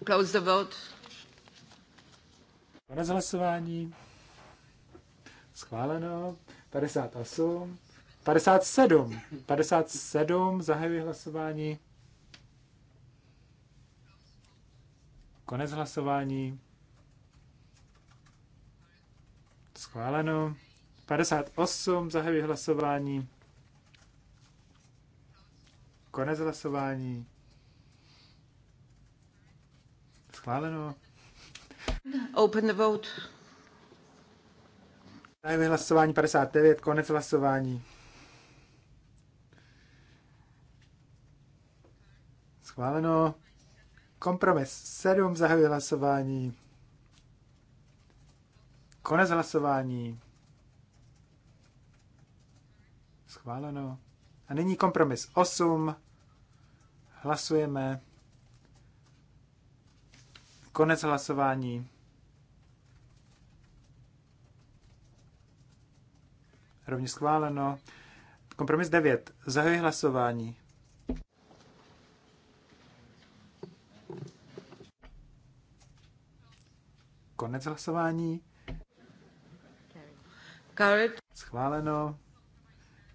Close the vote. Konec hlasování. Schváleno. 58. 57. 57. Zahajuji hlasování. Konec hlasování. Schváleno. 58. Zahajuji hlasování. Konec hlasování. Schváleno. Open the vote. Zahajuji hlasování 59, konec hlasování. Schváleno. Kompromis 7, zahajuji hlasování. Konec hlasování. Schváleno. A nyní kompromis 8. Hlasujeme. Konec hlasování. Rovně schváleno. Kompromis 9. Zahajuji hlasování. Konec hlasování. Schváleno.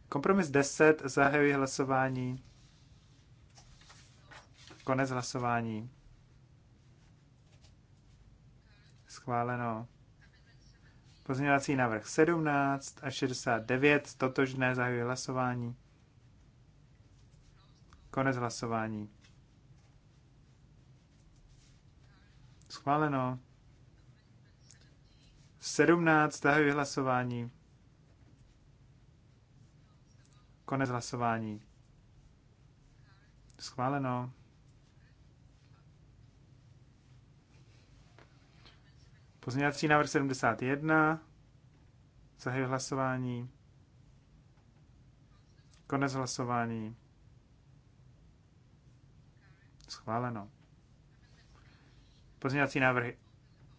Kompromis 10. Zahajuji hlasování. Konec hlasování. Schváleno. Pozměňovací návrh 17 a 69, totožné, zahajuje hlasování. Konec hlasování. Schváleno. 17, zahajuje hlasování. Konec hlasování. Schváleno. Pozměňovací návrh 71. Zahajuji hlasování. Konec hlasování. Schváleno. Pozměňovací návrh,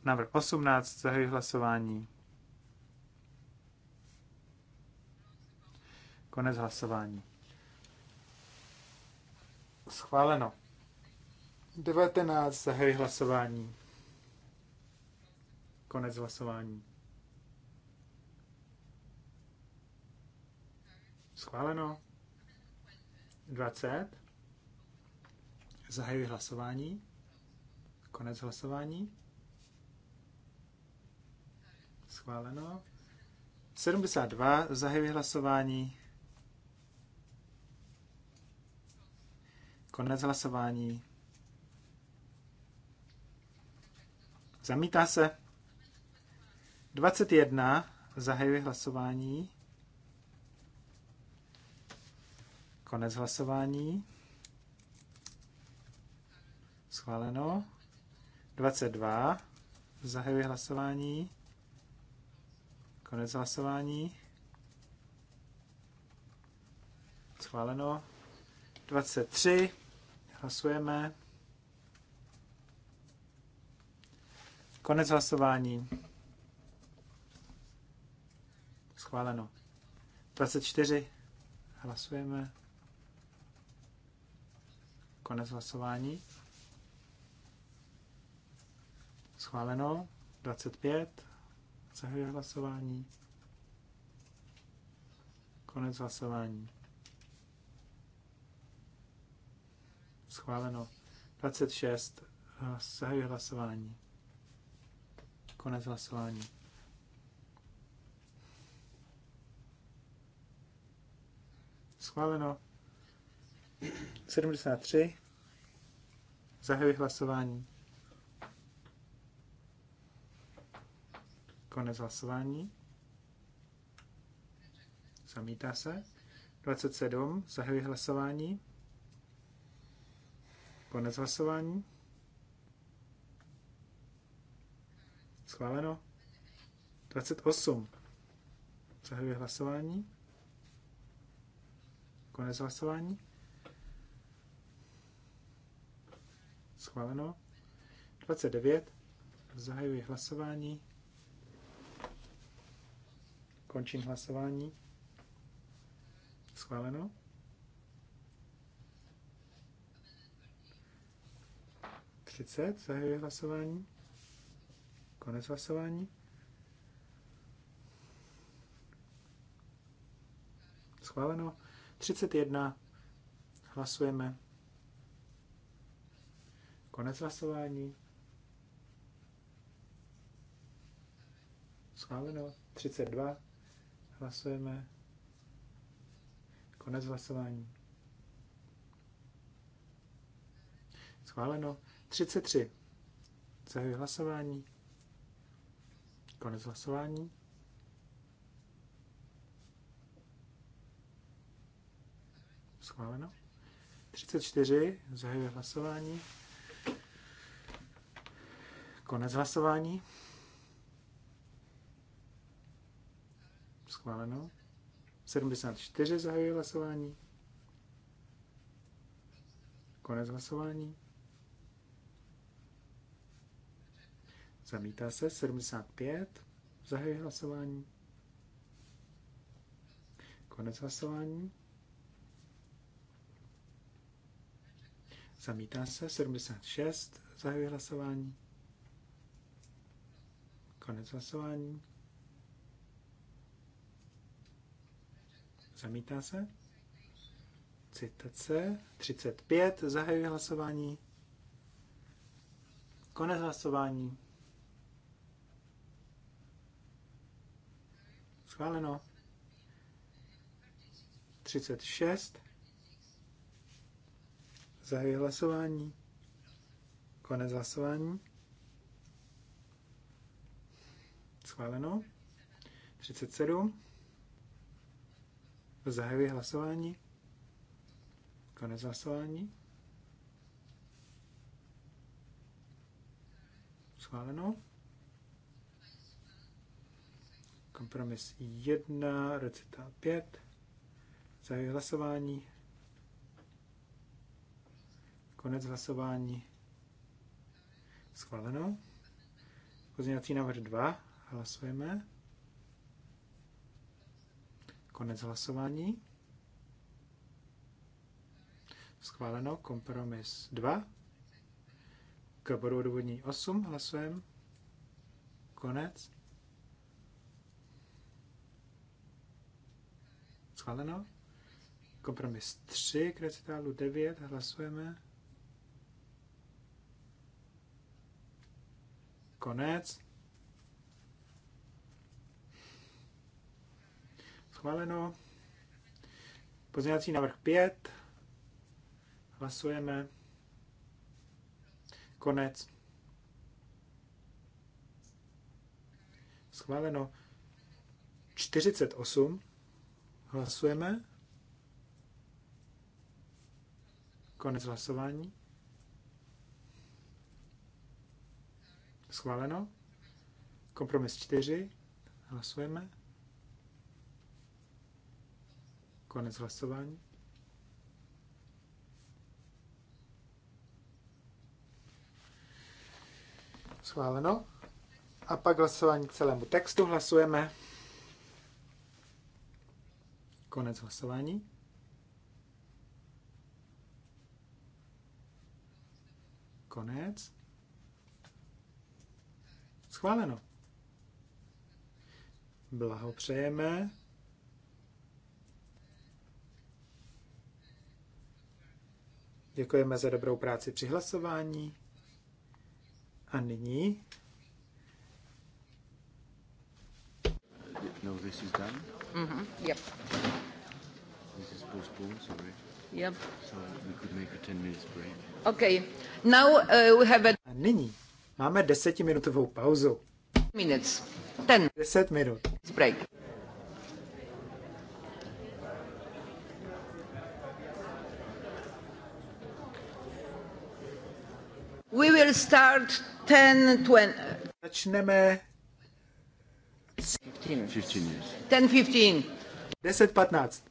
návrh 18. Zahajuji hlasování. Konec hlasování. Schváleno. 19. Zahajuji hlasování. Konec hlasování. Schváleno. 20. Zahajuji hlasování. Konec hlasování. Schváleno. 72. Zahajuji hlasování. Konec hlasování. Zamítá se. 21. Zahajuji hlasování. Konec hlasování. Schváleno. 22. Zahajuji hlasování. Konec hlasování. Schváleno. 23. Hlasujeme. Konec hlasování. Schváleno. 24. Hlasujeme. Konec hlasování. Schváleno. 25. Zahajuje hlasování. Konec hlasování. Schváleno. 26. Zahajuje hlasování. Konec hlasování. Schváleno. 73. Zahajuji hlasování. Konec hlasování. Zamítá se. 27. Zahajuji hlasování. Konec hlasování. Schváleno. 28. Zahajuji hlasování. Konec hlasování. Schváleno. 29. Zahajuji hlasování. Končím hlasování. Schváleno. 30 Zahajuji hlasování. Konec hlasování. Schváleno. 31. Hlasujeme. Konec hlasování. Schváleno. 32. Hlasujeme. Konec hlasování. Schváleno. 33. Zahajuji hlasování. Konec hlasování. schváleno. 34, zahajuje hlasování. Konec hlasování. Schváleno. 74, zahajuje hlasování. Konec hlasování. Zamítá se 75. zahajuje hlasování. Konec hlasování. Zamítá se. 76. Zahajuji hlasování. Konec hlasování. Zamítá se. Citace 35. Zahajuji hlasování. Konec hlasování. Schváleno. 36. Zahajuji hlasování. Konec hlasování. Schváleno. 37. Zahajuji hlasování. Konec hlasování. Schváleno. Kompromis 1, recita 5. Zahajuji hlasování. Konec hlasování. Schváleno. Pozměňovací návrh 2. Hlasujeme. Konec hlasování. Schváleno. Kompromis 2. K bodu odvodní 8 hlasujeme. Konec. Schváleno. Kompromis 3 k recitálu 9 hlasujeme. Konec. Schváleno. Pozměňovací návrh 5. Hlasujeme. Konec. Schváleno. 48. Hlasujeme. Konec hlasování. Schváleno. Kompromis 4. Hlasujeme. Konec hlasování. Schváleno. A pak hlasování k celému textu hlasujeme. Konec hlasování. Konec. Schváleno. Blahopřejeme. Děkujeme za dobrou práci při hlasování. A nyní No, this is done. Mm-hmm. Yep. This is postponed, sorry. Yep. So we could make a 10 minutes break. Okay. Now uh, we have a... a nyní Máme desetiminutovou pauzu. Minutes. Ten. Deset minut. Break. We will start 10, 20. Začneme Fifteen 10, 15. 10, 15.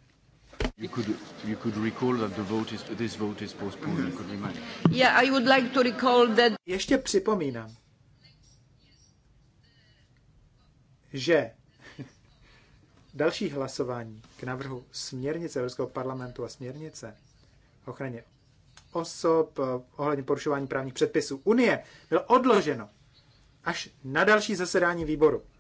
You could, you could recall that the vote is, this vote is postponed. You could remind. Yeah, I would like to recall that... Ještě připomínám, že další hlasování k návrhu směrnice Evropského parlamentu a směrnice o ochraně osob eh, ohledně porušování právních předpisů Unie bylo odloženo až na další zasedání výboru.